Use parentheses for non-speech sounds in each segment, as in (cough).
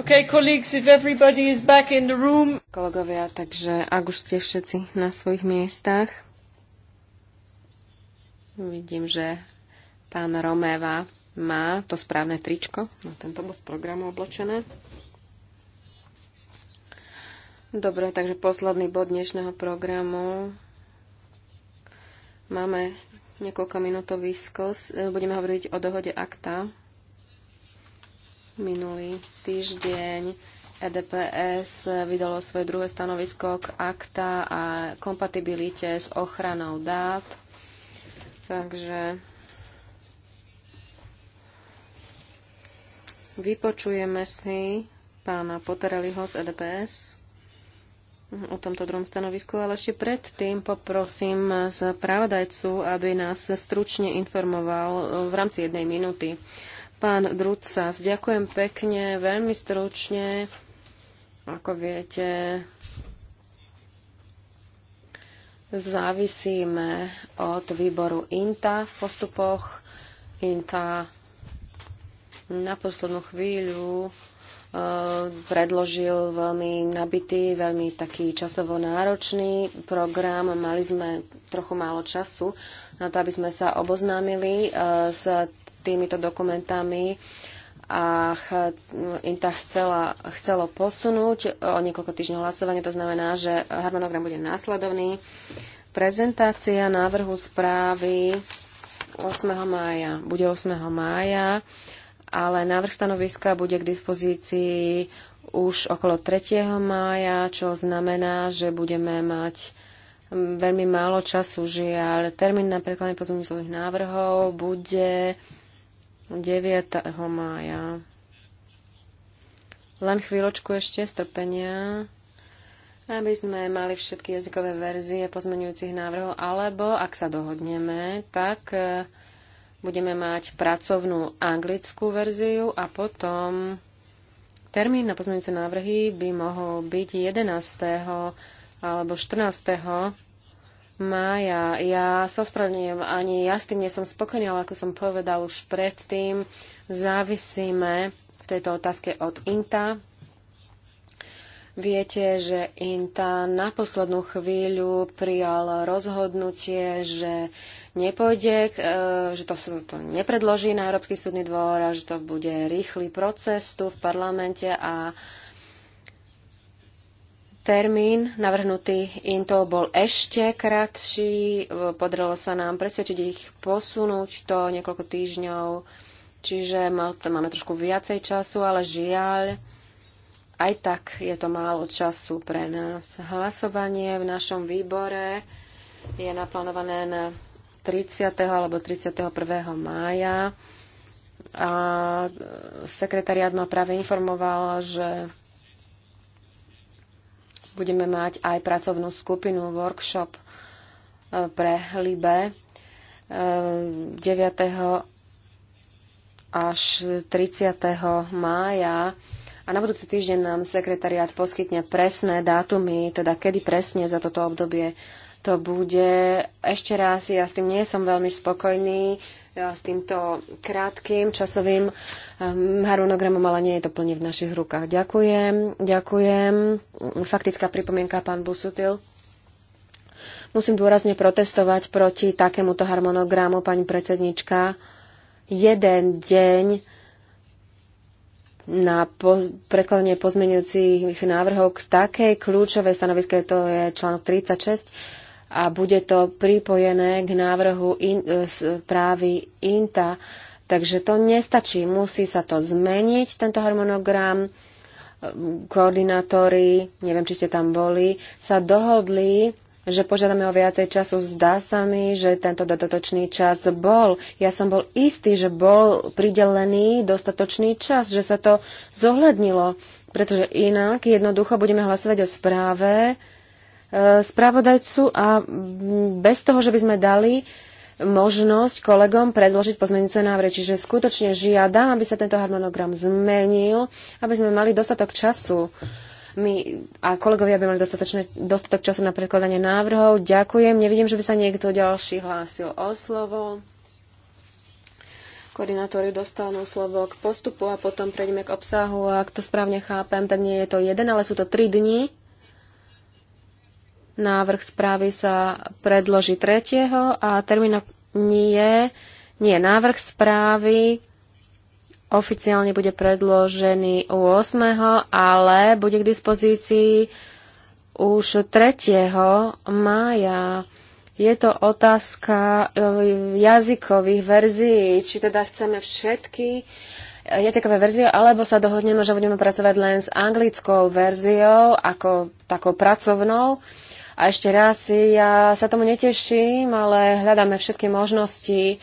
Okay, colleagues, if everybody is back in the room. Kolegovia, takže ak už ste všetci na svojich miestach, vidím, že pán Roméva má to správne tričko na tento bod programu obločené. Dobre, takže posledný bod dnešného programu. Máme niekoľko minútový skos. Eh, budeme hovoriť o dohode akta Minulý týždeň EDPS vydalo svoje druhé stanovisko k akta a kompatibilite s ochranou dát. Takže vypočujeme si pána Potereliho z EDPS o tomto druhom stanovisku, ale ešte predtým poprosím pravodajcu, aby nás stručne informoval v rámci jednej minúty Pán Drucas, ďakujem pekne, veľmi stručne. Ako viete, závisíme od výboru INTA v postupoch. INTA na poslednú chvíľu Eh, predložil veľmi nabitý, veľmi taký časovo náročný program. Mali sme trochu málo času na to, aby sme sa oboznámili eh, s týmito dokumentami a INTA chcela, chcelo posunúť o niekoľko týždňov hlasovanie. To znamená, že harmonogram bude následovný. Prezentácia návrhu správy 8. mája. Bude 8. mája ale návrh stanoviska bude k dispozícii už okolo 3. mája, čo znamená, že budeme mať mm, veľmi málo času, žiaľ. Termín na prekladanie pozemnicových návrhov bude 9. mája. Len chvíľočku ešte strpenia, aby sme mali všetky jazykové verzie pozmeňujúcich návrhov, alebo ak sa dohodneme, tak eh, budeme mať pracovnú anglickú verziu a potom termín na pozmeňujúce návrhy by mohol byť 11. alebo 14. mája. Ja sa ospravedlňujem, ani ja s tým nie som spokojný, ale ako som povedal už predtým, závisíme v tejto otázke od INTA, Viete, že INTA na poslednú chvíľu prijal rozhodnutie, že nepôjde, e, že to, to nepredloží na Európsky súdny dvor a že to bude rýchly proces tu v parlamente a termín navrhnutý INTO bol ešte kratší. Podarilo sa nám presvedčiť ich posunúť to niekoľko týždňov, čiže máme trošku viacej času, ale žiaľ, aj tak je to málo času pre nás. Hlasovanie v našom výbore je naplánované na 30. alebo 31. mája. A sekretariat ma práve informoval, že budeme mať aj pracovnú skupinu, workshop e, pre Libe 9. E, až 30. mája a na budúci týždeň nám sekretariát poskytne presné dátumy, teda kedy presne za toto obdobie to bude. Ešte raz, ja s tým nie som veľmi spokojný, ja s týmto krátkým časovým ehm, harmonogramom, ale nie je to plne v našich rukách. Ďakujem, ďakujem. Faktická pripomienka, pán Busutil. Musím dôrazne protestovať proti takémuto harmonogramu, pani predsednička. Jeden deň na po- predkladanie pozmeňujúcich návrhov k takej kľúčovej stanoviske, to je článok 36, a bude to pripojené k návrhu in- e, správy INTA. Takže to nestačí, musí sa to zmeniť, tento harmonogram. E, koordinátori, neviem, či ste tam boli, sa dohodli že požiadame o viacej času. Zdá sa mi, že tento dodatočný čas bol. Ja som bol istý, že bol pridelený dostatočný čas, že sa to zohľadnilo, pretože inak jednoducho budeme hlasovať o správe e, spravodajcu a bez toho, že by sme dali možnosť kolegom predložiť pozmeňujúce návrhy. Čiže skutočne žiadam, aby sa tento harmonogram zmenil, aby sme mali dostatok času my a kolegovia by mali dostatok času na predkladanie návrhov. Ďakujem. Nevidím, že by sa niekto ďalší hlásil o slovo. Koordinátori dostanú slovo k postupu a potom prejdeme k obsahu. A ak to správne chápem, tak nie je to jeden, ale sú to tri dni. Návrh správy sa predloží tretieho a termín nie, nie návrh správy oficiálne bude predložený u 8., ale bude k dispozícii už 3. mája. Je to otázka e, jazykových verzií, či teda chceme všetky e, jazykové verzie, alebo sa dohodneme, že budeme pracovať len s anglickou verziou ako takou pracovnou. A ešte raz, ja sa tomu neteším, ale hľadáme všetky možnosti,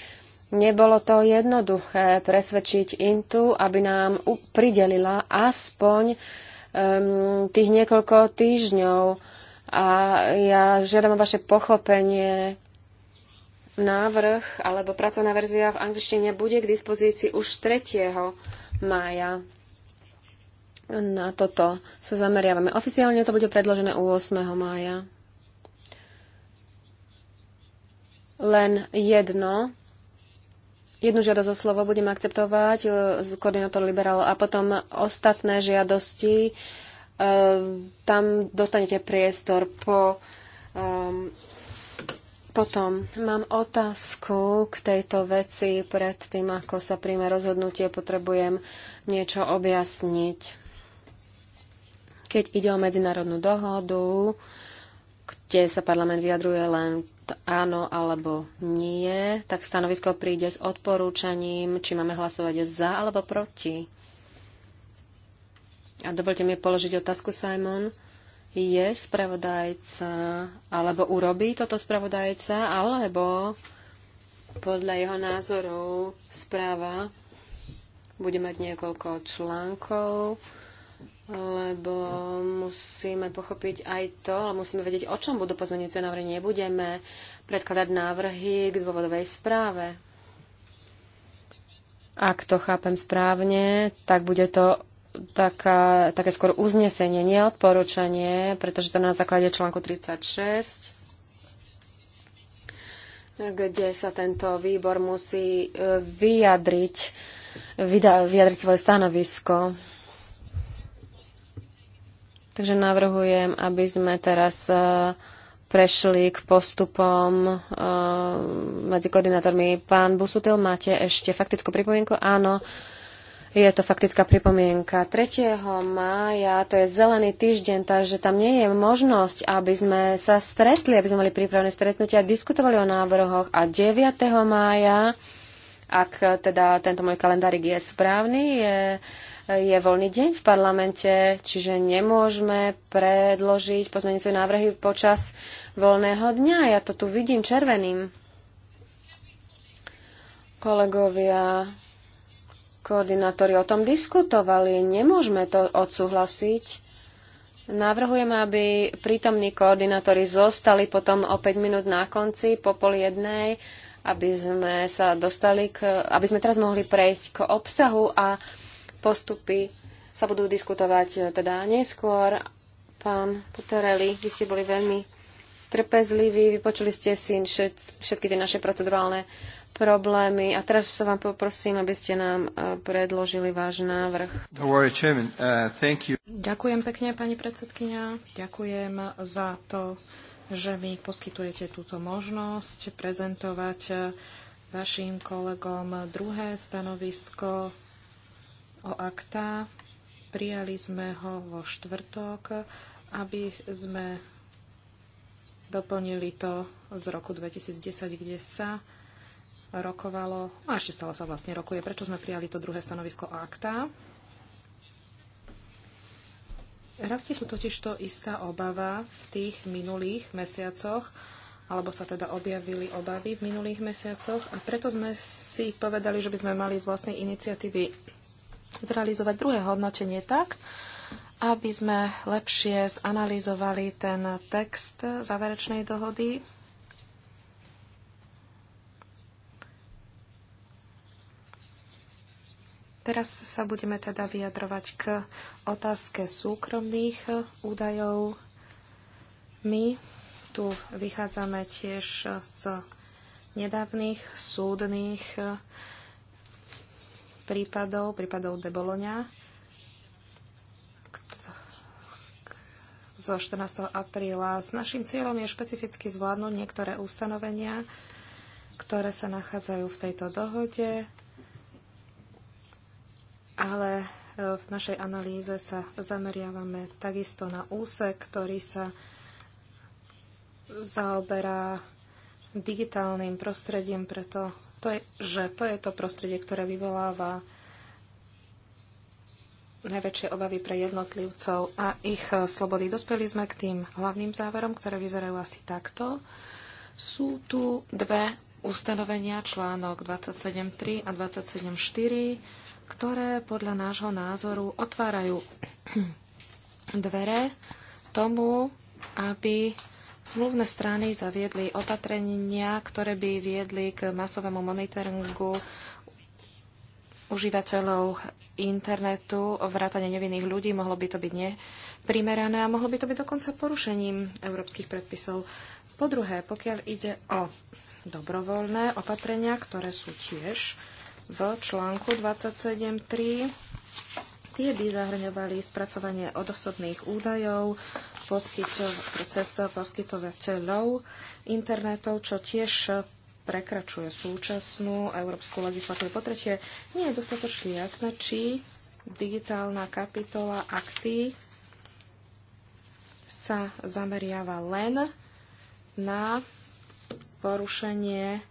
Nebolo to jednoduché presvedčiť Intu, aby nám pridelila aspoň um, tých niekoľko týždňov. A ja žiadam o vaše pochopenie. Návrh alebo pracovná verzia v angličtine bude k dispozícii už 3. mája. Na toto sa zameriavame. Oficiálne to bude predložené u 8. mája. Len jedno Jednu žiadosť o slovo budem akceptovať, e, koordinátor liberálov a potom ostatné žiadosti. E, tam dostanete priestor po... Um, potom mám otázku k tejto veci pred tým, ako sa príjme rozhodnutie. Potrebujem niečo objasniť. Keď ide o medzinárodnú dohodu, kde sa parlament vyjadruje len áno alebo nie, tak stanovisko príde s odporúčaním, či máme hlasovať za alebo proti. A dovolte mi položiť otázku, Simon. Je spravodajca, alebo urobí toto spravodajca, alebo podľa jeho názorov správa bude mať niekoľko článkov, lebo musíme pochopiť aj to, ale musíme vedieť, o čom budú pozmeňujúce návrhy. Nebudeme predkladať návrhy k dôvodovej správe. Ak to chápem správne, tak bude to taká, také skôr uznesenie, neodporúčanie, pretože to na základe článku 36 kde sa tento výbor musí e, vyjadriť, vyjadriť svoje stanovisko. Takže navrhujem, aby sme teraz e, prešli k postupom e, medzi koordinátormi. Pán Busutil, máte ešte faktickú pripomienku? Áno. Je to faktická pripomienka. 3. mája, to je zelený týždeň, takže tam nie je možnosť, aby sme sa stretli, aby sme mali prípravné stretnutia, diskutovali o návrhoch. A 9. mája, ak teda tento môj kalendárik je správny, je je voľný deň v parlamente, čiže nemôžeme predložiť pozmeňujúce návrhy počas voľného dňa. Ja to tu vidím červeným. Kolegovia, koordinátori o tom diskutovali. Nemôžeme to odsúhlasiť. Navrhujem, aby prítomní koordinátori zostali potom o 5 minút na konci po pol jednej, aby sme sa dostali k, aby sme teraz mohli prejsť k obsahu a postupy sa budú diskutovať e, teda neskôr. Pán Puterelli, vy ste boli veľmi trpezliví, vypočuli ste si všetky tie naše procedurálne problémy a teraz sa vám poprosím, aby ste nám e, predložili váš návrh. Uh, Ďakujem pekne, pani predsedkynia. Ďakujem za to, že mi poskytujete túto možnosť prezentovať e, vašim kolegom druhé stanovisko o akta. Prijali sme ho vo štvrtok, aby sme doplnili to z roku 2010, kde sa rokovalo, a ešte stále sa vlastne rokuje, prečo sme prijali to druhé stanovisko akta. Rastie tu totiž to istá obava v tých minulých mesiacoch, alebo sa teda objavili obavy v minulých mesiacoch a preto sme si povedali, že by sme mali z vlastnej iniciatívy zrealizovať druhé hodnotenie tak, aby sme lepšie zanalizovali ten text záverečnej dohody. Teraz sa budeme teda vyjadrovať k otázke súkromných údajov. My tu vychádzame tiež z nedávnych súdnych prípadov, prípadov de Bologna zo 14. apríla. S našim cieľom je špecificky zvládnuť niektoré ustanovenia, ktoré sa nachádzajú v tejto dohode, ale e, v našej analýze sa zameriavame takisto na úsek, ktorý sa zaoberá digitálnym prostredím, preto to je, že to je to prostredie, ktoré vyvoláva najväčšie obavy pre jednotlivcov a ich eh, slobody. Dospeli sme k tým hlavným záverom, ktoré vyzerajú asi takto. Sú tu dve ustanovenia, článok 27.3 a 27.4, ktoré podľa nášho názoru otvárajú (clears throat) dvere tomu, aby Zmluvné strany zaviedli opatrenia, ktoré by viedli k masovému monitoringu užívateľov internetu, vrátane nevinných ľudí, mohlo by to byť neprimerané a mohlo by to byť dokonca porušením európskych predpisov. Po druhé, pokiaľ ide o dobrovoľné opatrenia, ktoré sú tiež v článku 27.3, tie by zahrňovali spracovanie odosobných údajov, cez poskytovateľov internetov, čo tiež prekračuje súčasnú európsku legislatívu. Po tretie, nie je dostatočne jasné, či digitálna kapitola akty sa zameriava len na porušenie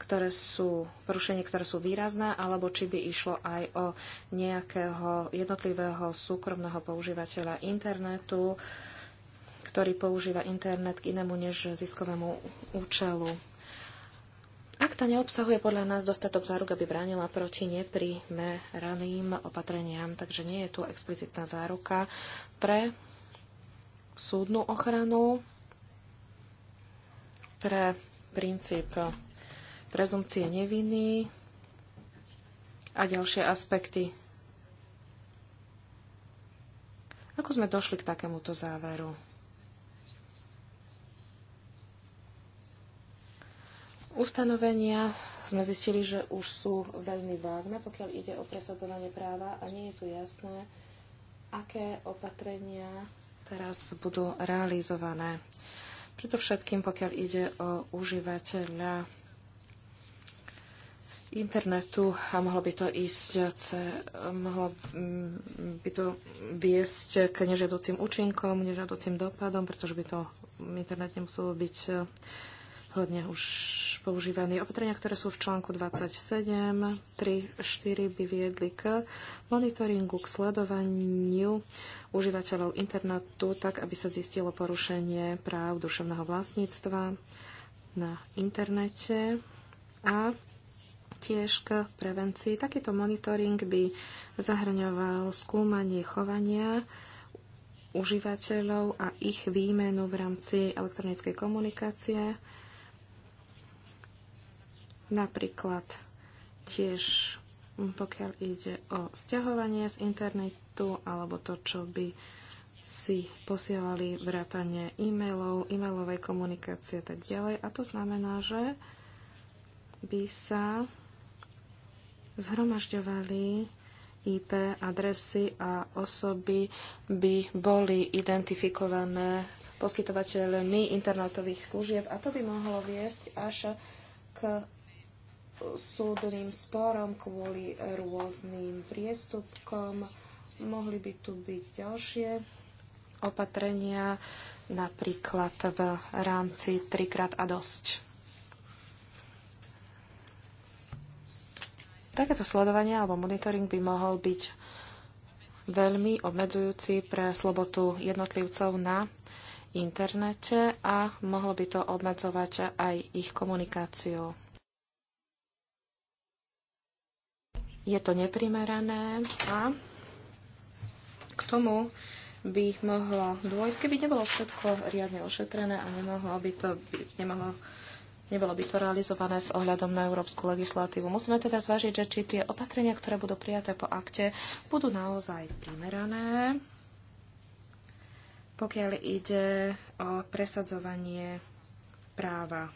ktoré sú, porušenie, ktoré sú výrazné, alebo či by išlo aj o nejakého jednotlivého súkromného používateľa internetu, ktorý používa internet k inému než ziskovému účelu. Ak tá neobsahuje podľa nás dostatok záruk, aby bránila proti neprimeraným opatreniam, takže nie je tu explicitná záruka pre súdnu ochranu, pre princíp prezumcie neviny a ďalšie aspekty. Ako sme došli k takémuto záveru? ustanovenia sme zistili, že už sú veľmi vágne, pokiaľ ide o presadzovanie práva a nie je tu jasné, aké opatrenia teraz budú realizované. všetkým, pokiaľ ide o užívateľa internetu a mohlo by to ísť, mohlo mm, by to viesť k nežiaducím účinkom, nežiaducím dopadom, pretože by to internet nemuselo byť hodne už používaní. Opatrenia, ktoré sú v článku 27, 3, 4 by viedli k monitoringu, k sledovaniu užívateľov internetu, tak aby sa zistilo porušenie práv duševného vlastníctva na internete a tiež k prevencii. Takýto monitoring by zahrňoval skúmanie chovania užívateľov a ich výmenu v rámci elektronickej komunikácie, Napríklad tiež mm, pokiaľ ide o stiahovanie z internetu alebo to, čo by si posielali vrátanie e-mailov, e-mailovej komunikácie a tak ďalej. A to znamená, že by sa zhromažďovali IP adresy a osoby by boli identifikované poskytovateľmi internetových služieb a to by mohlo viesť až k súdnym sporom kvôli rôznym priestupkom. Mohli by tu byť ďalšie opatrenia, napríklad v rámci trikrát a dosť. Takéto sledovanie alebo monitoring by mohol byť veľmi obmedzujúci pre slobotu jednotlivcov na internete a mohlo by to obmedzovať aj ich komunikáciu. je to neprimerané a k tomu by mohlo dôjsť, keby nebolo všetko riadne ošetrené a nemohlo by to, nemohlo, nebolo by to realizované s ohľadom na európsku legislatívu. Musíme teda zvážiť, že či tie opatrenia, ktoré budú prijaté po akte, budú naozaj primerané, pokiaľ ide o presadzovanie práva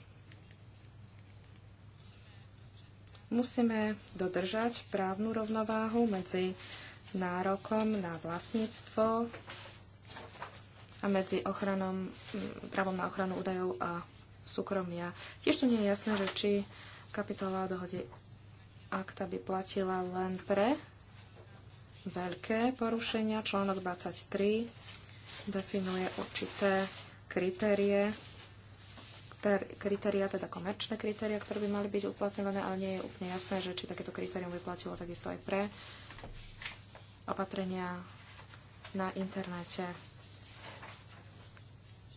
Musíme dodržať právnu rovnováhu medzi nárokom na vlastníctvo a medzi ochranom, mm, právom na ochranu údajov a súkromia. Tiež tu nie je jasné, že či kapitola dohody akta by platila len pre veľké porušenia. Článok 23 definuje určité kritérie kritéria, teda komerčné kritéria, ktoré by mali byť uplatňované, ale nie je úplne jasné, že či takéto kritérium by platilo takisto aj pre opatrenia na internete.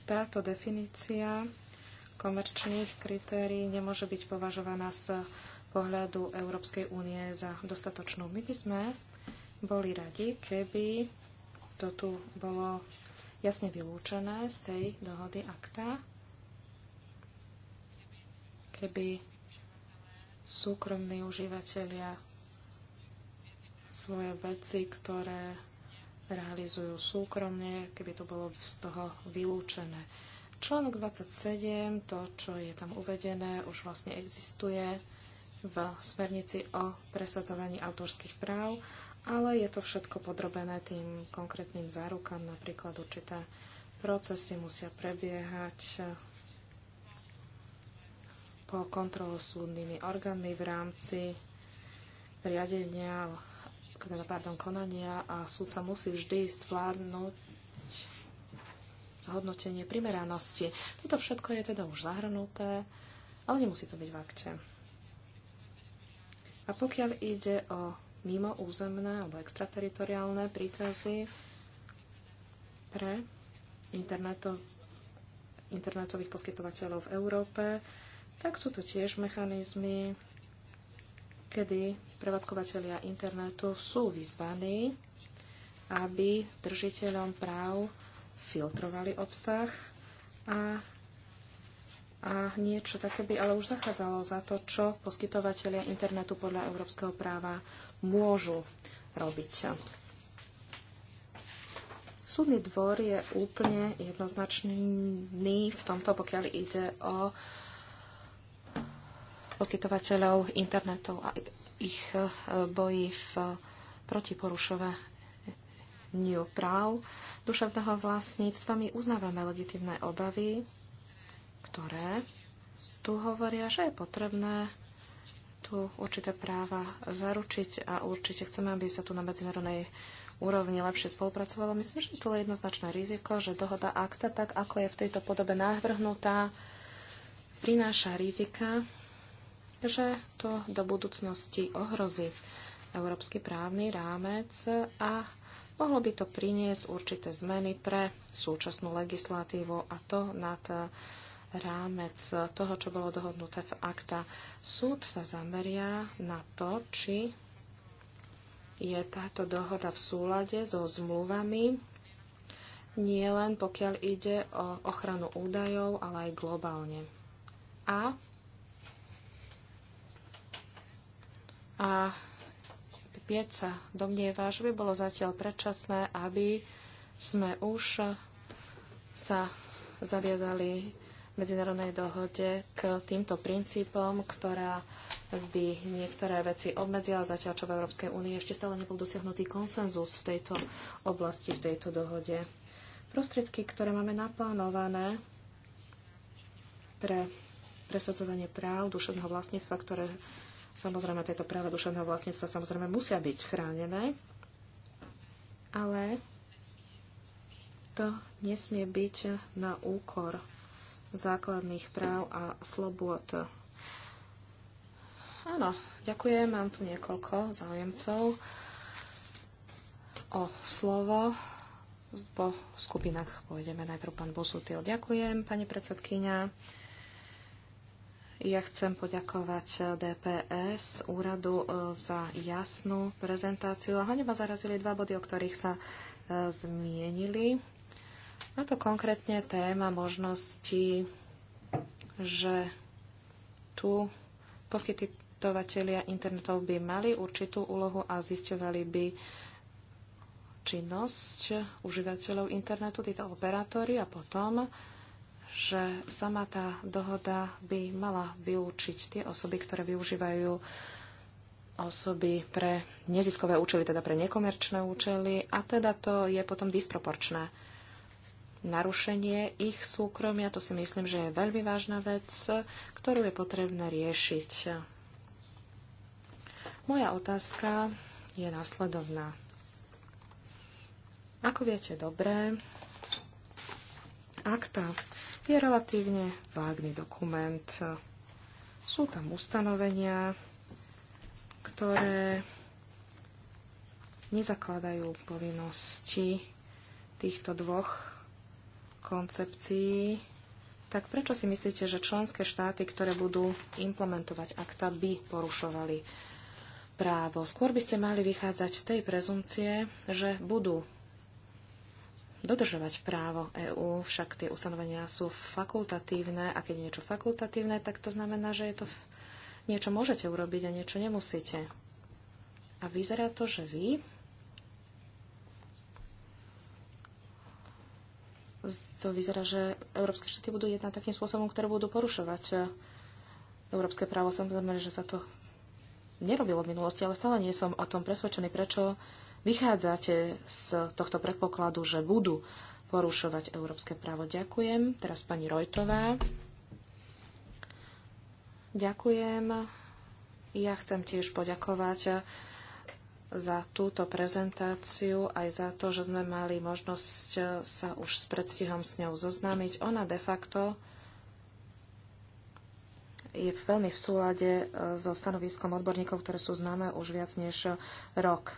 Táto definícia komerčných kritérií nemôže byť považovaná z pohľadu Európskej únie za dostatočnú. My by sme boli radi, keby to tu bolo jasne vylúčené z tej dohody akta keby súkromní užívateľia svoje veci, ktoré realizujú súkromne, keby to bolo z toho vylúčené. Článok 27, to, čo je tam uvedené, už vlastne existuje v smernici o presadzovaní autorských práv, ale je to všetko podrobené tým konkrétnym zárukám, napríklad určité procesy musia prebiehať po kontrolu súdnymi orgánmi v rámci riadenia, teda, pardon, konania a súdca musí vždy zvládnuť zhodnotenie primeranosti. Toto všetko je teda už zahrnuté, ale nemusí to byť v akte. A pokiaľ ide o mimo územné alebo extrateritoriálne príkazy pre internetov, internetových poskytovateľov v Európe, tak sú to tiež mechanizmy, kedy prevádzkovateľia internetu sú vyzvaní, aby držiteľom práv filtrovali obsah a, a niečo také by ale už zachádzalo za to, čo poskytovateľia internetu podľa európskeho práva môžu robiť. Súdny dvor je úplne jednoznačný v tomto, pokiaľ ide o uh, poskytovateľov internetov a ich e, boji v, e, protiporušovaniu práv duševného vlastníctva. My uznávame legitimné obavy, ktoré tu hovoria, že je potrebné tu určité práva zaručiť a určite chceme, aby sa tu na medzinárodnej úrovni lepšie spolupracovalo. Myslím, že tu je jednoznačné riziko, že dohoda akta, tak ako je v tejto podobe navrhnutá, prináša rizika že to do budúcnosti ohrozí európsky právny rámec a mohlo by to priniesť určité zmeny pre súčasnú legislatívu a to nad rámec toho, čo bolo dohodnuté v akta. Súd sa zameria na to, či je táto dohoda v súlade so zmluvami, nie len pokiaľ ide o ochranu údajov, ale aj globálne. A A pieca domnieva, že by bolo zatiaľ predčasné, aby sme už sa zaviazali medzinárodnej dohode k týmto princípom, ktorá by niektoré veci obmedzila, zatiaľ čo v Európskej únii ešte stále nebol dosiahnutý konsenzus v tejto oblasti, v tejto dohode. Prostriedky, ktoré máme naplánované pre presadzovanie práv duševného vlastníctva, ktoré Samozrejme, tieto práva duševného vlastníctva samozrejme musia byť chránené, ale to nesmie byť na úkor základných práv a slobôd. Áno, ďakujem. Mám tu niekoľko záujemcov o slovo. Po skupinách pôjdeme najprv pán Bosutil. Ďakujem, pani predsedkynia. Ja chcem poďakovať eh, DPS úradu eh, za jasnú prezentáciu a hlavne ma zarazili dva body, o ktorých sa eh, zmienili. A to konkrétne téma možnosti, že tu poskytovateľia internetov by mali určitú úlohu a zisťovali by činnosť užívateľov internetu, títo operátory a potom že sama tá dohoda by mala vylúčiť tie osoby, ktoré využívajú osoby pre neziskové účely, teda pre nekomerčné účely a teda to je potom disproporčné. Narušenie ich súkromia, to si myslím, že je veľmi vážna vec, ktorú je potrebné riešiť. Moja otázka je následovná. Ako viete dobre, akta je relatívne vágný dokument. Sú tam ustanovenia, ktoré nezakladajú povinnosti týchto dvoch koncepcií, tak prečo si myslíte, že členské štáty, ktoré budú implementovať akta, by porušovali právo? Skôr by ste mali vychádzať z tej prezumcie, že budú dodržovať právo EÚ, však tie ustanovenia sú fakultatívne a keď je niečo fakultatívne, tak to znamená, že je to niečo môžete urobiť a niečo nemusíte. A vyzerá to, že vy to vyzerá, že európske štáty budú jednať takým spôsobom, ktoré budú porušovať e, európske právo. Samozrejme, že sa to nerobilo v minulosti, ale stále nie som o tom presvedčený, prečo vychádzate z tohto predpokladu, že budú porušovať európske právo. Ďakujem. Teraz pani Rojtová. Ďakujem. Ja chcem tiež poďakovať za túto prezentáciu, aj za to, že sme mali možnosť sa už s predstihom s ňou zoznámiť. Ona de facto je veľmi v súlade so stanoviskom odborníkov, ktoré sú známe už viac než rok.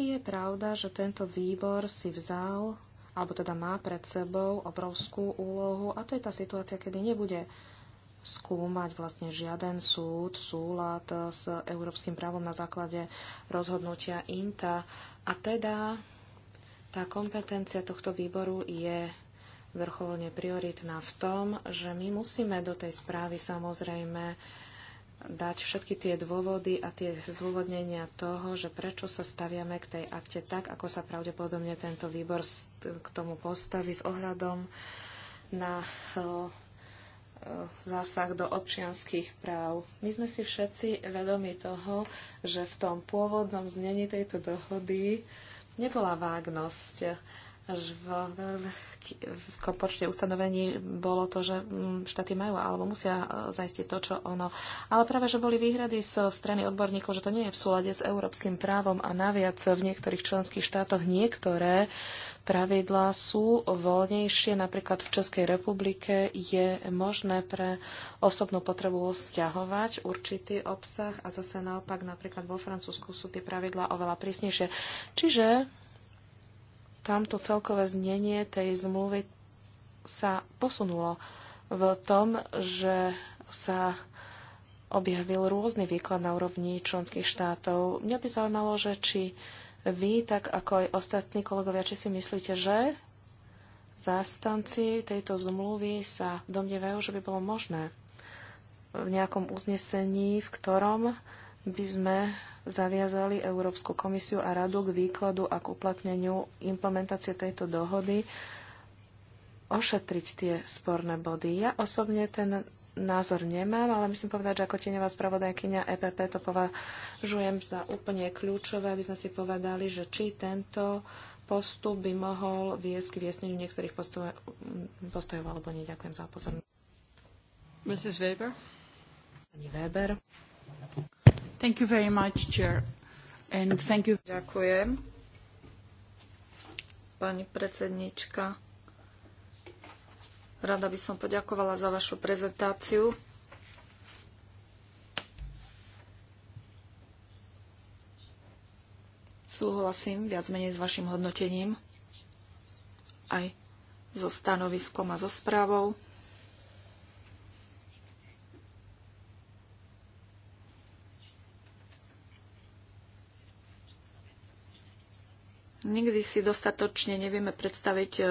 Je pravda, že tento výbor si vzal, alebo teda má pred sebou obrovskú úlohu a to je tá situácia, kedy nebude skúmať vlastne žiaden súd, súlad s európskym právom na základe rozhodnutia INTA. A teda tá kompetencia tohto výboru je vrcholne prioritná v tom, že my musíme do tej správy samozrejme dať všetky tie dôvody a tie zdôvodnenia toho, že prečo sa staviame k tej akte tak, ako sa pravdepodobne tento výbor k tomu postaví s ohľadom na e, e, zásah do občianských práv. My sme si všetci vedomi toho, že v tom pôvodnom znení tejto dohody nebola vágnosť v v počte ustanovení bolo to, že mm, štáty majú alebo musia e, zaistiť to, čo ono. Ale práve, že boli výhrady zo strany odborníkov, že to nie je v súlade s európskym právom a naviac v niektorých členských štátoch niektoré pravidlá sú voľnejšie. Napríklad v Českej republike je možné pre osobnú potrebu stiahovať určitý obsah a zase naopak napríklad vo Francúzsku sú tie pravidlá oveľa prísnejšie. Čiže tamto celkové znenie tej zmluvy sa posunulo v tom, že sa objavil rôzny výklad na úrovni členských štátov. Mňa by zaujímalo, že či vy, tak ako aj ostatní kolegovia, či si myslíte, že zástanci tejto zmluvy sa domnievajú, že by bolo možné v nejakom uznesení, v ktorom by sme zaviazali Európsku komisiu a radu k výkladu a k uplatneniu implementácie tejto dohody ošetriť tie sporné body. Ja osobne ten názor nemám, ale myslím povedať, že ako tieňová spravodajkynia EPP to považujem za úplne kľúčové, aby sme si povedali, že či tento postup by mohol viesť k viesneniu niektorých postojov, postojov alebo nie. Ďakujem za pozornosť. Mrs. Weber. Pani Weber. Thank you very much, Chair. And thank you. Ďakujem. Pani predsednička, rada by som poďakovala za vašu prezentáciu. Súhlasím viac menej s vašim hodnotením aj so stanoviskom a so správou. Nikdy si dostatočne nevieme predstaviť e,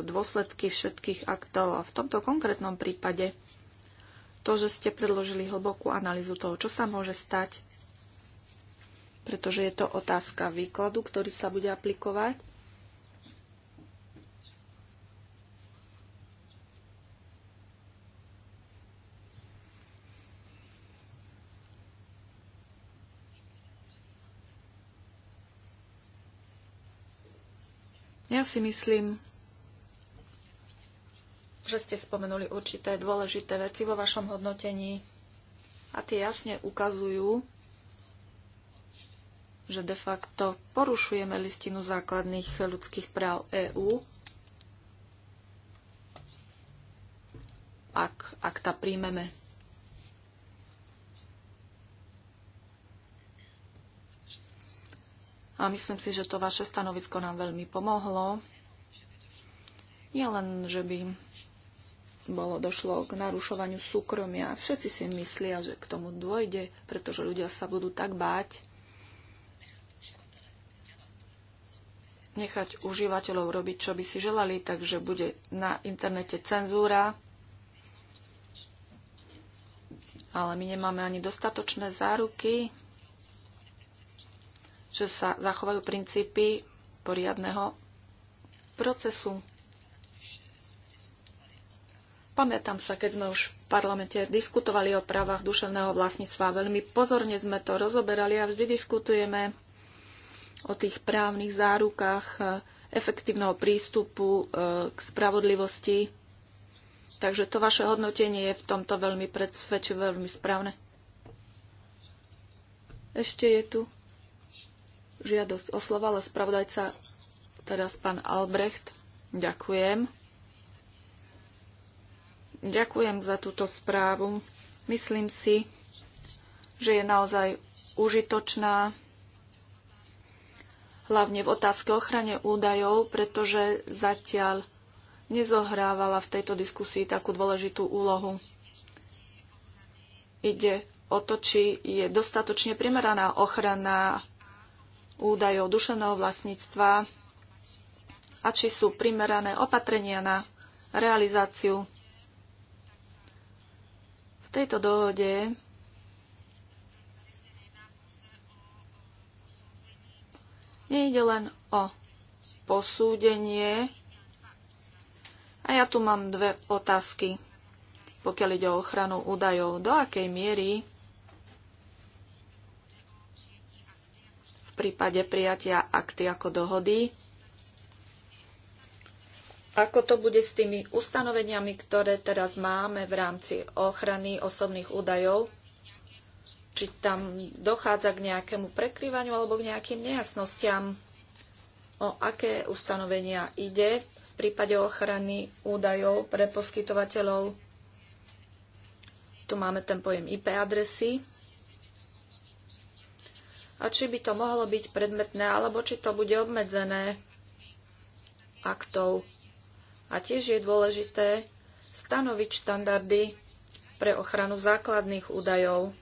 dôsledky všetkých aktov a v tomto konkrétnom prípade to, že ste predložili hlbokú analýzu toho, čo sa môže stať, pretože je to otázka výkladu, ktorý sa bude aplikovať Ja si myslím, že ste spomenuli určité dôležité veci vo vašom hodnotení a tie jasne ukazujú, že de facto porušujeme listinu základných ľudských práv EÚ, ak, ak tá príjmeme. a myslím si, že to vaše stanovisko nám veľmi pomohlo. Nie len, že by bolo, došlo k narušovaniu súkromia. Všetci si myslia, že k tomu dôjde, pretože ľudia sa budú tak báť nechať užívateľov robiť, čo by si želali, takže bude na internete cenzúra, ale my nemáme ani dostatočné záruky že sa zachovajú princípy poriadného procesu. Pamätám sa, keď sme už v parlamente diskutovali o právach duševného vlastníctva. Veľmi pozorne sme to rozoberali a vždy diskutujeme o tých právnych zárukách e, efektívneho prístupu e, k spravodlivosti. Takže to vaše hodnotenie je v tomto veľmi predsvedčivé, veľmi správne. Ešte je tu žiadosť oslovala spravodajca teraz pán Albrecht. Ďakujem. Ďakujem za túto správu. Myslím si, že je naozaj užitočná, hlavne v otázke ochrane údajov, pretože zatiaľ nezohrávala v tejto diskusii takú dôležitú úlohu. Ide o to, či je dostatočne primeraná ochrana údajov duševného vlastníctva a či sú primerané opatrenia na realizáciu. V tejto dohode nejde len o posúdenie a ja tu mám dve otázky. Pokiaľ ide o ochranu údajov, do akej miery prípade prijatia akty ako dohody. Ako to bude s tými ustanoveniami, ktoré teraz máme v rámci ochrany osobných údajov? Či tam dochádza k nejakému prekryvaniu alebo k nejakým nejasnostiam? O aké ustanovenia ide v prípade ochrany údajov pre poskytovateľov? Tu máme ten pojem IP adresy a či by to mohlo byť predmetné, alebo či to bude obmedzené aktov. A tiež je dôležité stanoviť štandardy pre ochranu základných údajov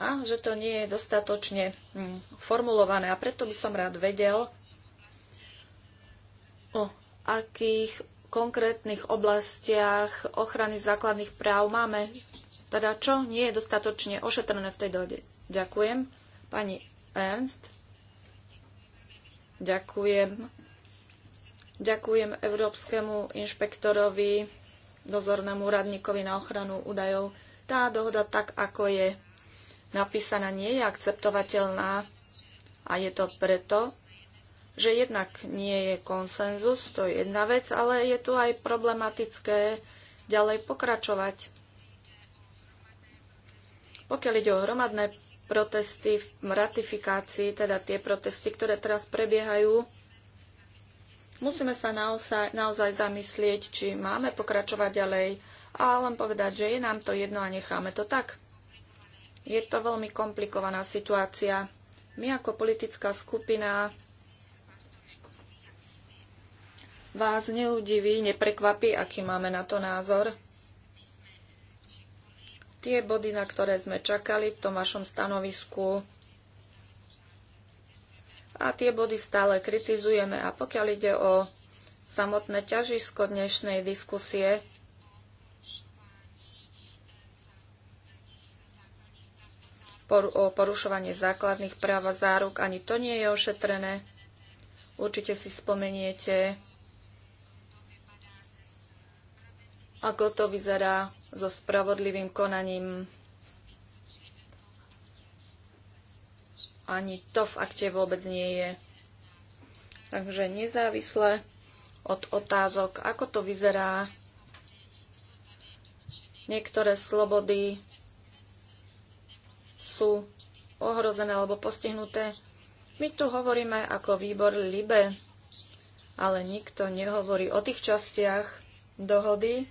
a že to nie je dostatočne hm, formulované. A preto by som rád vedel, o akých konkrétnych oblastiach ochrany základných práv máme teda čo nie je dostatočne ošetrené v tej dohode? Ďakujem. Pani Ernst. Ďakujem. Ďakujem Európskemu inšpektorovi, dozornému radníkovi na ochranu údajov. Tá dohoda tak, ako je napísaná, nie je akceptovateľná a je to preto, že jednak nie je konsenzus, to je jedna vec, ale je tu aj problematické ďalej pokračovať. Pokiaľ ide o hromadné protesty v ratifikácii, teda tie protesty, ktoré teraz prebiehajú, musíme sa naozaj, naozaj zamyslieť, či máme pokračovať ďalej a len povedať, že je nám to jedno a necháme to tak. Je to veľmi komplikovaná situácia. My ako politická skupina vás neudiví, neprekvapí, aký máme na to názor tie body, na ktoré sme čakali v tom vašom stanovisku. A tie body stále kritizujeme. A pokiaľ ide o samotné ťažisko dnešnej diskusie, o porušovanie základných práv a záruk, ani to nie je ošetrené. Určite si spomeniete, ako to vyzerá so spravodlivým konaním. Ani to v akte vôbec nie je. Takže nezávisle od otázok, ako to vyzerá, niektoré slobody sú ohrozené alebo postihnuté. My tu hovoríme ako výbor LIBE, ale nikto nehovorí o tých častiach dohody,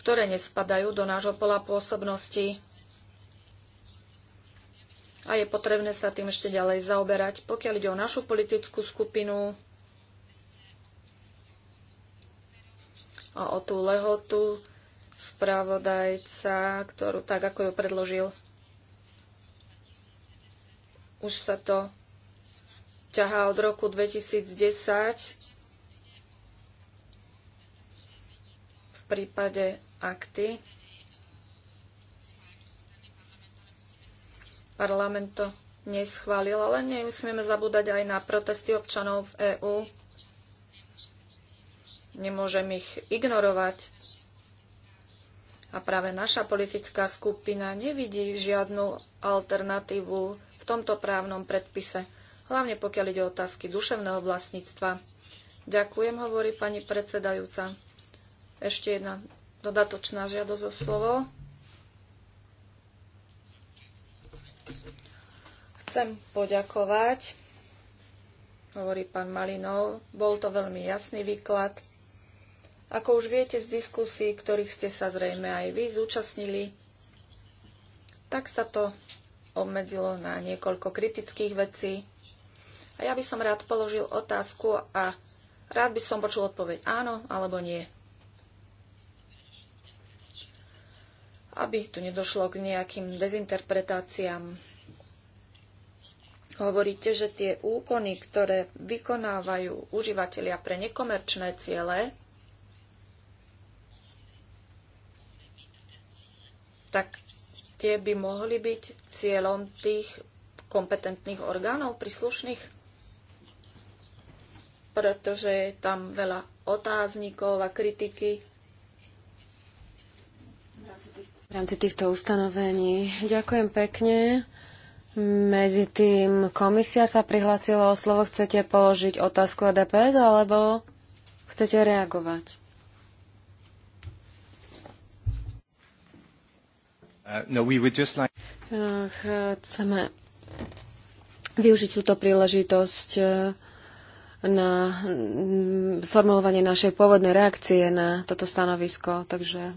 ktoré nespadajú do nášho pola pôsobnosti. A je potrebné sa tým ešte ďalej zaoberať. Pokiaľ ide o našu politickú skupinu a o tú lehotu, spravodajca, ktorú tak, ako ju predložil, už sa to ťahá od roku 2010. V prípade akty parlament to neschválil, ale nemusíme zabúdať aj na protesty občanov v EÚ. Nemôžem ich ignorovať. A práve naša politická skupina nevidí žiadnu alternatívu v tomto právnom predpise, hlavne pokiaľ ide o otázky duševného vlastníctva. Ďakujem, hovorí pani predsedajúca. Ešte jedna Dodatočná žiadosť o slovo. Chcem poďakovať, hovorí pán Malinov. Bol to veľmi jasný výklad. Ako už viete z diskusí, ktorých ste sa zrejme aj vy zúčastnili, tak sa to obmedzilo na niekoľko kritických vecí. A ja by som rád položil otázku a rád by som počul odpoveď áno alebo nie. aby tu nedošlo k nejakým dezinterpretáciám. Hovoríte, že tie úkony, ktoré vykonávajú užívateľia pre nekomerčné ciele, tak tie by mohli byť cieľom tých kompetentných orgánov príslušných, pretože je tam veľa otáznikov a kritiky v rámci týchto ustanovení. Ďakujem pekne. Medzi tým komisia sa prihlásila o slovo. Chcete položiť otázku o DPS alebo chcete reagovať? Uh, no, like... Uh, chceme využiť túto príležitosť uh, na mm, formulovanie našej pôvodnej reakcie na toto stanovisko, takže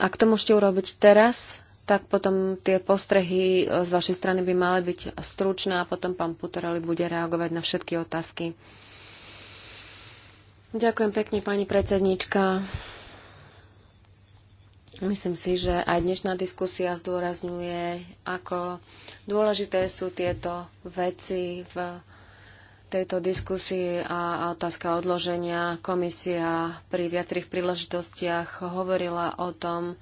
ak to môžete urobiť teraz, tak potom tie postrehy e, z vašej strany by mali byť stručné a potom pán Putorali bude reagovať na všetky otázky. Ďakujem pekne, pani predsednička. Myslím si, že aj dnešná diskusia zdôrazňuje, ako dôležité sú tieto veci v tejto diskusii a otázka odloženia. Komisia pri viacerých príležitostiach hovorila o tom,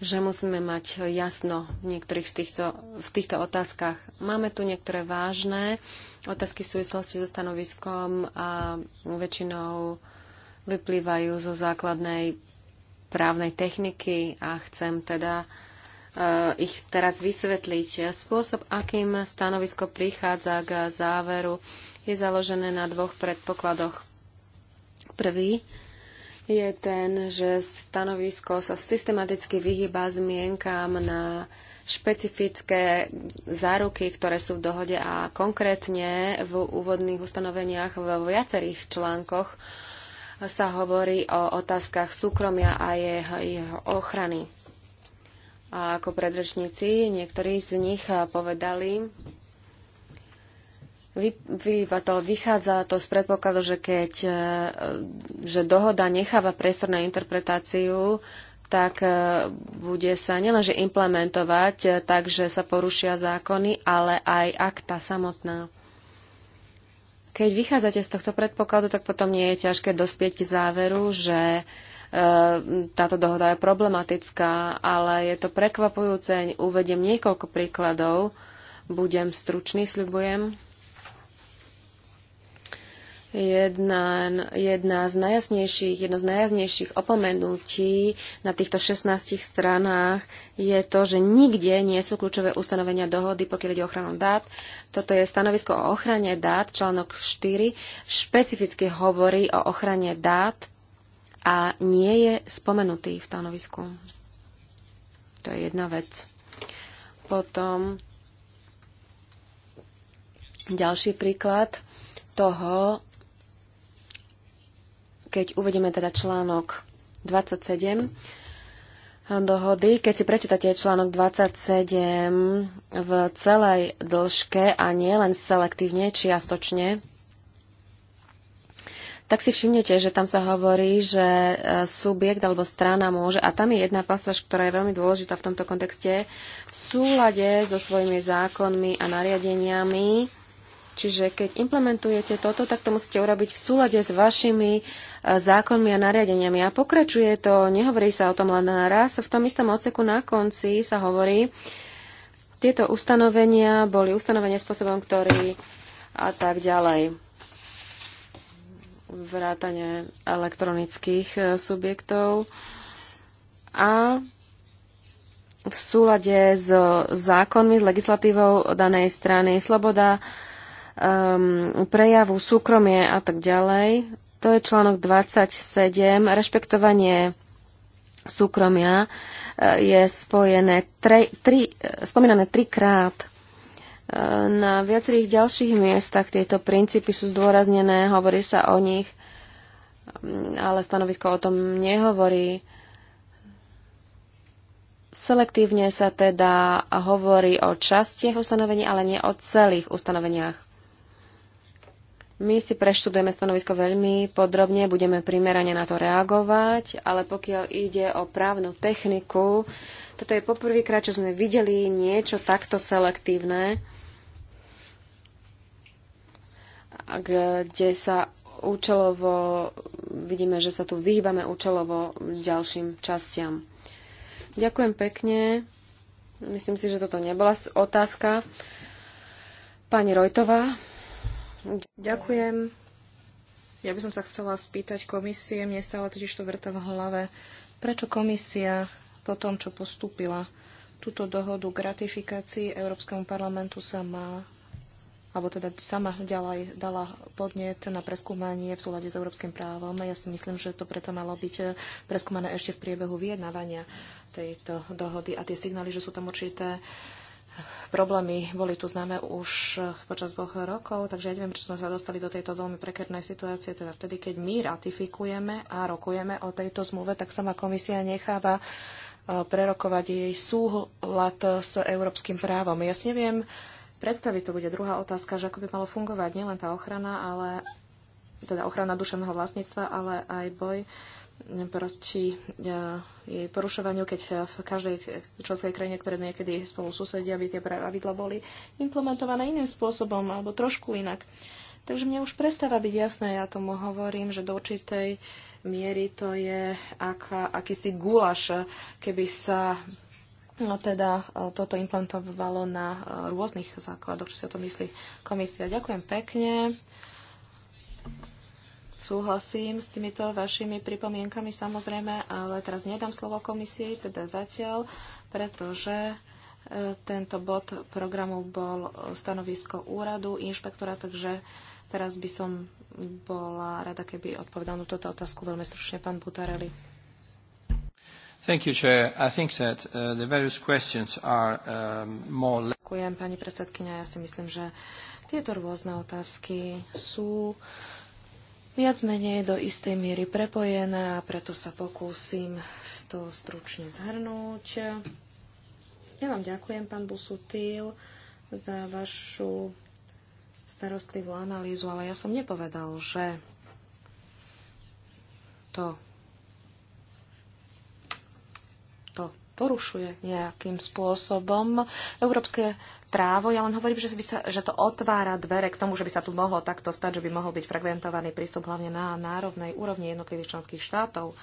že musíme mať jasno v niektorých z týchto, v týchto otázkach. Máme tu niektoré vážne otázky v súvislosti so stanoviskom a väčšinou vyplývajú zo základnej právnej techniky a chcem teda eh, ich teraz vysvetliť. Spôsob, akým stanovisko prichádza k záveru, je založené na dvoch predpokladoch. Prvý je ten, že stanovisko sa systematicky vyhýba zmienkam na špecifické záruky, ktoré sú v dohode a konkrétne v úvodných ustanoveniach v viacerých článkoch sa hovorí o otázkach súkromia a jeho, jeho ochrany. A ako predrečníci, niektorí z nich povedali, Vyplýva vychádza to z predpokladu, že keď e, že dohoda necháva priestor na interpretáciu, tak e, bude sa nielenže implementovať, e, takže sa porušia zákony, ale aj akta samotná. Keď vychádzate z tohto predpokladu, tak potom nie je ťažké dospieť k záveru, že táto dohoda je problematická, ale je to prekvapujúce. Uvediem niekoľko príkladov. Budem stručný, sľubujem jedna, jedna z najjasnejších, jedno z najjasnejších opomenutí na týchto 16 stranách je to, že nikde nie sú kľúčové ustanovenia dohody, pokiaľ ide o ochranu dát. Toto je stanovisko o ochrane dát, článok 4, špecificky hovorí o ochrane dát a nie je spomenutý v stanovisku. To je jedna vec. Potom ďalší príklad toho, keď uvedieme teda článok 27 dohody, keď si prečítate článok 27 v celej dĺžke a nie len selektívne, čiastočne, tak si všimnete, že tam sa hovorí, že e, subjekt alebo strana môže, a tam je jedna pasáž, ktorá je veľmi dôležitá v tomto kontexte, v súlade so svojimi zákonmi a nariadeniami, čiže keď implementujete toto, tak to musíte urobiť v súlade s vašimi zákonmi a nariadeniami. A pokračuje to, nehovorí sa o tom len raz, v tom istom odseku na konci sa hovorí, tieto ustanovenia boli ustanovenia spôsobom, ktorý a tak ďalej. Vrátanie elektronických e, subjektov a v súlade s zákonmi, s legislatívou danej strany, sloboda um, prejavu, súkromie a tak ďalej. To je článok 27. Rešpektovanie súkromia e, je spojené tre, tri, e, spomínané trikrát. E, na viacerých ďalších miestach tieto princípy sú zdôraznené, hovorí sa o nich, mm, ale stanovisko o tom nehovorí. Selektívne sa teda hovorí o častiach ustanovení, ale nie o celých ustanoveniach. My si preštudujeme stanovisko veľmi podrobne, budeme primerane na to reagovať, ale pokiaľ ide o právnu techniku, toto je poprvýkrát, čo sme videli niečo takto selektívne, kde sa účelovo, vidíme, že sa tu vyhýbame účelovo ďalším častiam. Ďakujem pekne. Myslím si, že toto nebola otázka. Pani Rojtová. Ďakujem. Ja by som sa chcela spýtať komisie, mne stále totiž to vrta v hlave, prečo komisia po tom, čo postúpila túto dohodu k ratifikácii Európskemu parlamentu sa má alebo teda sama ďalej dala podnet na preskúmanie v súlade s európskym právom. Ja si myslím, že to preto malo byť eh, preskúmané ešte v priebehu vyjednávania tejto dohody a tie signály, že sú tam určité uh, problémy boli tu známe už počas dvoch rokov, takže ja neviem, či sme sa dostali do tejto veľmi prekernej situácie. Teda vtedy, keď my ratifikujeme a rokujeme o tejto zmluve, tak sama komisia necháva e, prerokovať jej súhlad s európskym právom. Ja si neviem predstaviť, to bude druhá otázka, že ako by malo fungovať nielen tá ochrana, ale teda ochrana duševného vlastníctva, ale aj boj proti jej porušovaniu, keď v každej členskej krajine, ktoré niekedy spolu susedia, aby tie pravidla boli implementované iným spôsobom alebo trošku inak. Takže mne už prestáva byť jasné, ja tomu hovorím, že do určitej miery to je aká, akýsi gulaš, keby sa no, teda toto implementovalo na rôznych základoch, čo sa to myslí komisia. Ďakujem pekne. Súhlasím s týmito vašimi pripomienkami samozrejme, ale teraz nedám slovo komisii, teda zatiaľ, pretože e, tento bod programu bol stanovisko úradu, inšpektora, takže teraz by som bola rada, keby odpovedal na túto otázku veľmi stručne pán Butarelli. Thank you, Chair. I think that uh, the various questions are um, more... Ďakujem, pani predsedkynia. Ja si myslím, že tieto rôzne otázky sú uh, viac menej do istej miery prepojené a preto sa pokúsim to stručne zhrnúť. Ja vám ďakujem, pán Busutil, za vašu starostlivú analýzu, ale ja som nepovedal, že to porušuje nejakým spôsobom európske právo. Ja len hovorím, že, by sa, že to otvára dvere k tomu, že by sa tu mohlo takto stať, že by mohol byť fragmentovaný prístup hlavne na národnej úrovni jednotlivých členských štátov.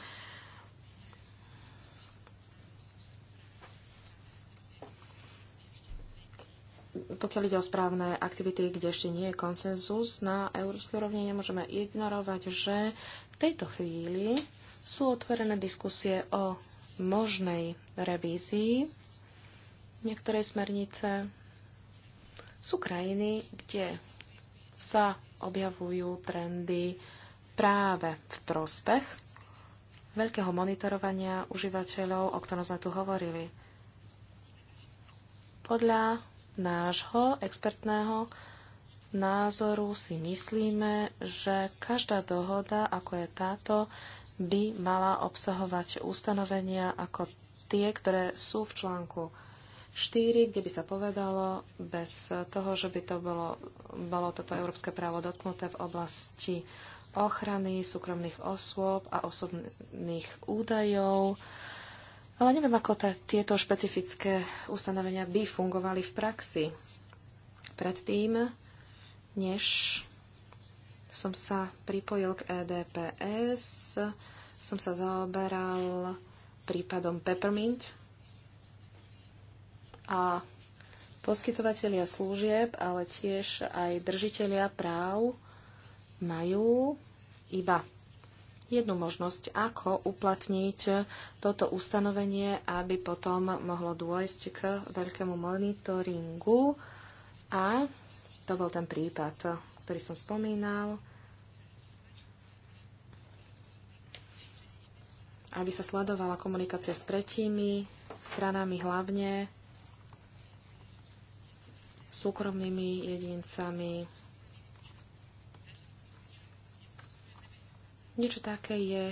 pokiaľ ide o správne aktivity, kde ešte nie je konsenzus na európskej úrovni, nemôžeme ignorovať, že v tejto chvíli sú otvorené diskusie o možnej revízii niektorej smernice. Sú krajiny, kde sa objavujú trendy práve v prospech veľkého monitorovania užívateľov, o ktorom sme tu hovorili. Podľa nášho expertného názoru si myslíme, že každá dohoda, ako je táto, by mala obsahovať ustanovenia ako tie, ktoré sú v článku 4, kde by sa povedalo, bez toho, že by to bolo, bolo toto európske právo dotknuté v oblasti ochrany súkromných osôb a osobných údajov. Ale neviem, ako ta, tieto špecifické ustanovenia by fungovali v praxi. Predtým, než som sa pripojil k EDPS, som sa zaoberal prípadom Peppermint a poskytovateľia služieb, ale tiež aj držiteľia práv majú iba jednu možnosť, ako uplatniť toto ustanovenie, aby potom mohlo dôjsť k veľkému monitoringu. A to bol ten prípad ktorý som spomínal, aby sa sledovala komunikácia s tretími stranami hlavne, súkromnými jedincami. Niečo také je,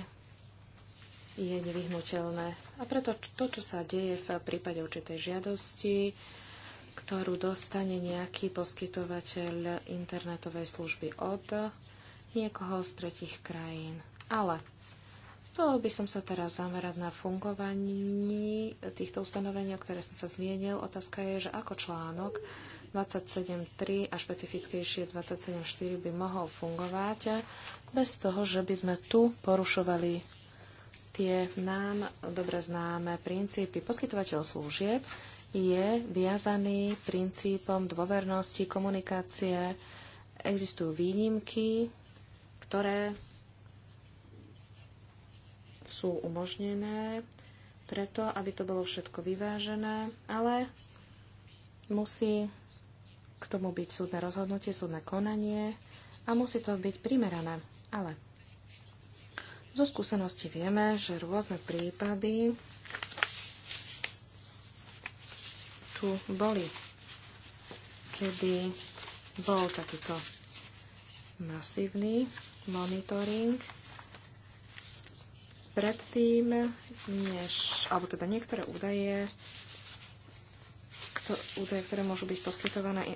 je nevyhnutelné. A preto to, čo sa deje v prípade určitej žiadosti, ktorú dostane nejaký poskytovateľ internetovej služby od niekoho z tretich krajín. Ale chcel by som sa teraz zamerať na fungovanie týchto ustanovení, o ktoré som sa zmienil. Otázka je, že ako článok 27.3 a špecifickejšie 27.4 by mohol fungovať bez toho, že by sme tu porušovali tie nám dobre známe princípy. Poskytovateľ služieb je viazaný princípom dôvernosti, komunikácie. Existujú výnimky, ktoré sú umožnené preto, aby to bolo všetko vyvážené, ale musí k tomu byť súdne rozhodnutie, súdne konanie a musí to byť primerané. Ale zo skúsenosti vieme, že rôzne prípady tu boli, kedy bol takýto masívny monitoring predtým, než, alebo teda niektoré údaje, údaje, ktoré môžu byť poskytované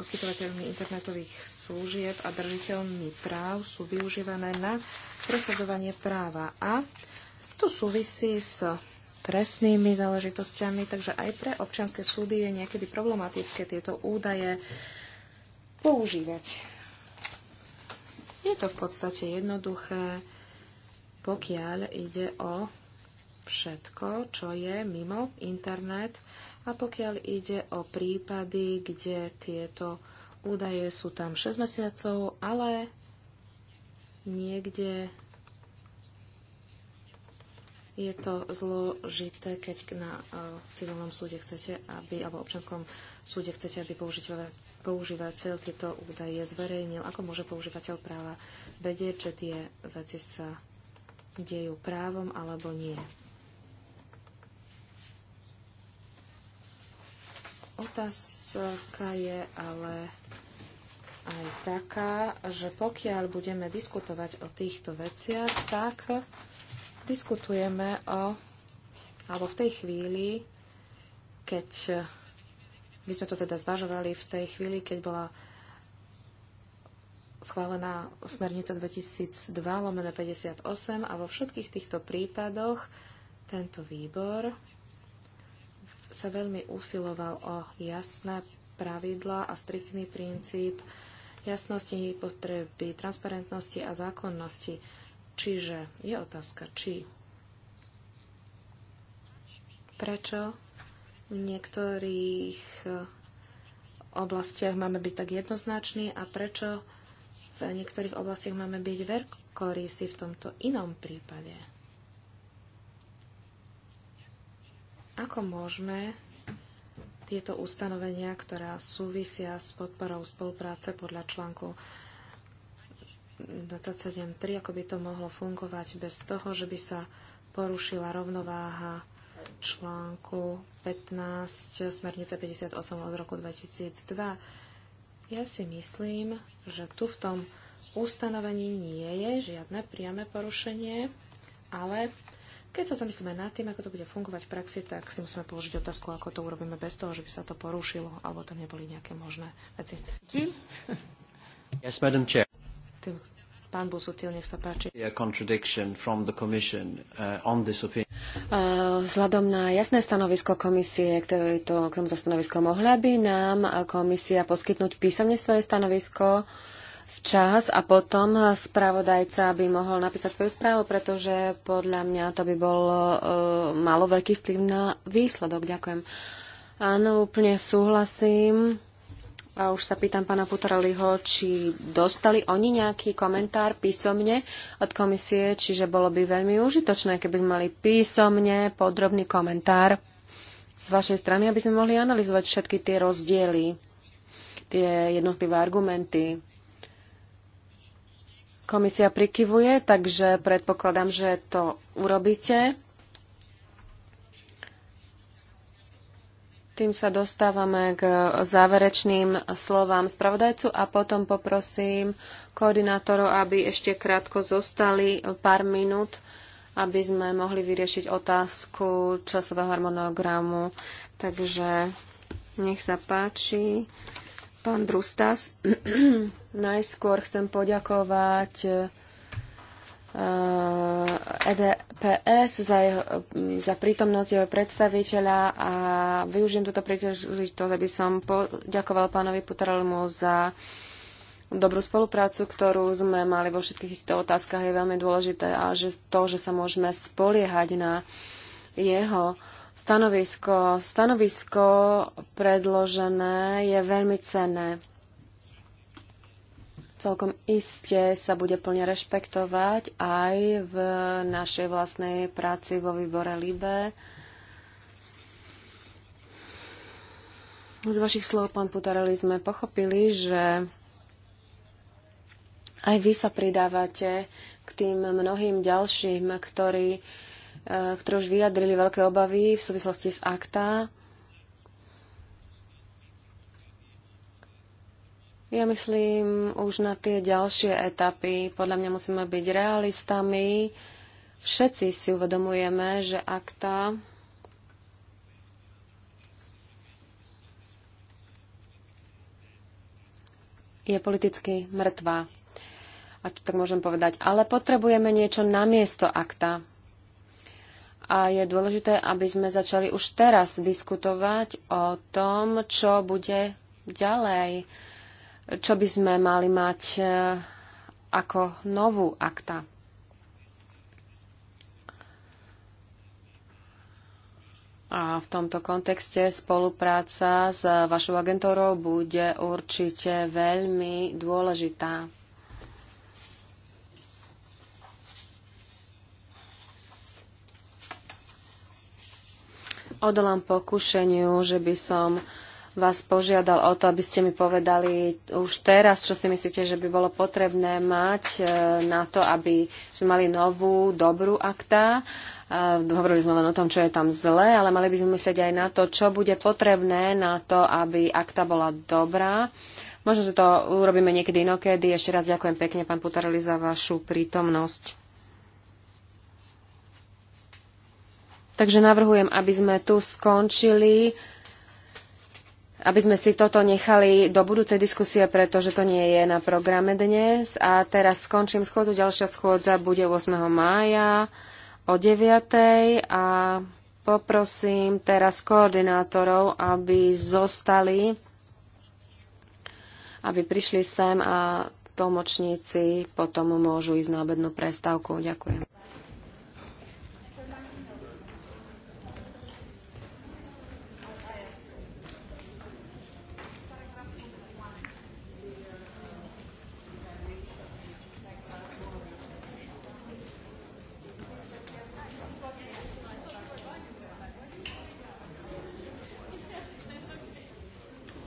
poskytovateľmi internetových služieb a držiteľmi práv sú využívané na presadzovanie práva. A to súvisí s trestnými záležitosťami, takže aj pre občianske súdy je niekedy problematické tieto údaje používať. Je to v podstate jednoduché, pokiaľ ide o všetko, čo je mimo internet a pokiaľ ide o prípady, kde tieto údaje sú tam 6 mesiacov, ale niekde je to zložité, keď na e, civilnom súde chcete, aby, alebo občanskom súde chcete, aby použiteľ, používateľ tieto údaje zverejnil. Ako môže používateľ práva vedieť, že tie veci sa dejú právom alebo nie? Otázka je ale aj taká, že pokiaľ budeme diskutovať o týchto veciach, tak diskutujeme o, alebo v tej chvíli, keď my sme to teda zvažovali v tej chvíli, keď bola schválená smernica 2002 lomeno 58 a vo všetkých týchto prípadoch tento výbor sa veľmi usiloval o jasné pravidlá a striktný princíp jasnosti potreby, transparentnosti a zákonnosti. Čiže je otázka, či prečo v niektorých eh, oblastiach máme byť tak jednoznační a prečo v niektorých oblastiach máme byť veľkorysi v tomto inom prípade. Ako môžeme tieto ustanovenia, ktorá súvisia s podporou spolupráce podľa článku 27.3, ako by to mohlo fungovať bez toho, že by sa porušila rovnováha článku 15 smernice 58 od roku 2002. Ja si myslím, že tu v tom ustanovení nie je žiadne priame porušenie, ale keď sa zamyslíme nad tým, ako to bude fungovať v praxi, tak si musíme položiť otázku, ako to urobíme bez toho, že by sa to porušilo, alebo tam neboli nejaké možné veci. Yes, madam chair. Tým, pán Busutil, nech sa páči. Uh, uh, vzhľadom na jasné stanovisko komisie, ktoré to, k tomuto stanovisko mohla by nám komisia poskytnúť písomne svoje stanovisko včas a potom spravodajca by mohol napísať svoju správu, pretože podľa mňa to by bol uh, malo veľký vplyv na výsledok. Ďakujem. Áno, úplne súhlasím a už sa pýtam pána Putraliho, či dostali oni nejaký komentár písomne od komisie, čiže bolo by veľmi užitočné, keby sme mali písomne podrobný komentár z vašej strany, aby sme mohli analyzovať všetky tie rozdiely, tie jednotlivé argumenty. Komisia prikyvuje, takže predpokladám, že to urobíte. Tým sa dostávame k záverečným slovám spravodajcu a potom poprosím koordinátorov, aby ešte krátko zostali pár minút, aby sme mohli vyriešiť otázku časového harmonogramu. Takže nech sa páči. Pán Drustas, (clears throat) najskôr chcem poďakovať eh, EDPS za, jeho, mm, za prítomnosť jeho predstaviteľa a využijem túto príležitosť, aby som poďakoval pánovi Putarelmu za dobrú spoluprácu, ktorú sme mali vo všetkých týchto otázkach, je veľmi dôležité a že to, že sa môžeme spoliehať na jeho stanovisko, stanovisko predložené je veľmi cenné celkom iste sa bude plne rešpektovať aj v našej vlastnej práci vo výbore LIBE. Z vašich slov, pán Putareli, sme pochopili, že aj vy sa pridávate k tým mnohým ďalším, ktorí, eh, ktorí už vyjadrili veľké obavy v súvislosti s akta. Ja myslím už na tie ďalšie etapy. Podľa mňa musíme byť realistami. Všetci si uvedomujeme, že akta je politicky mŕtva. A to tak môžem povedať. Ale potrebujeme niečo na miesto akta. A je dôležité, aby sme začali už teraz diskutovať o tom, čo bude ďalej čo by sme mali mať e, ako novú akta. A v tomto kontexte spolupráca s vašou agentúrou bude určite veľmi dôležitá. Odolám pokušeniu, že by som vás požiadal o to, aby ste mi povedali už teraz, čo si myslíte, že by bolo potrebné mať e, na to, aby sme mali novú, dobrú akta. E, hovorili sme len o tom, čo je tam zlé, ale mali by sme myslieť aj na to, čo bude potrebné na to, aby akta bola dobrá. Možno, že to urobíme niekedy inokedy. Ešte raz ďakujem pekne, pán Putareli, za vašu prítomnosť. Takže navrhujem, aby sme tu skončili aby sme si toto nechali do budúcej diskusie, pretože to nie je na programe dnes. A teraz skončím schôdzu. Ďalšia schôdza bude 8. mája o 9. a poprosím teraz koordinátorov, aby zostali, aby prišli sem a tlmočníci potom môžu ísť na obednú prestávku. Ďakujem.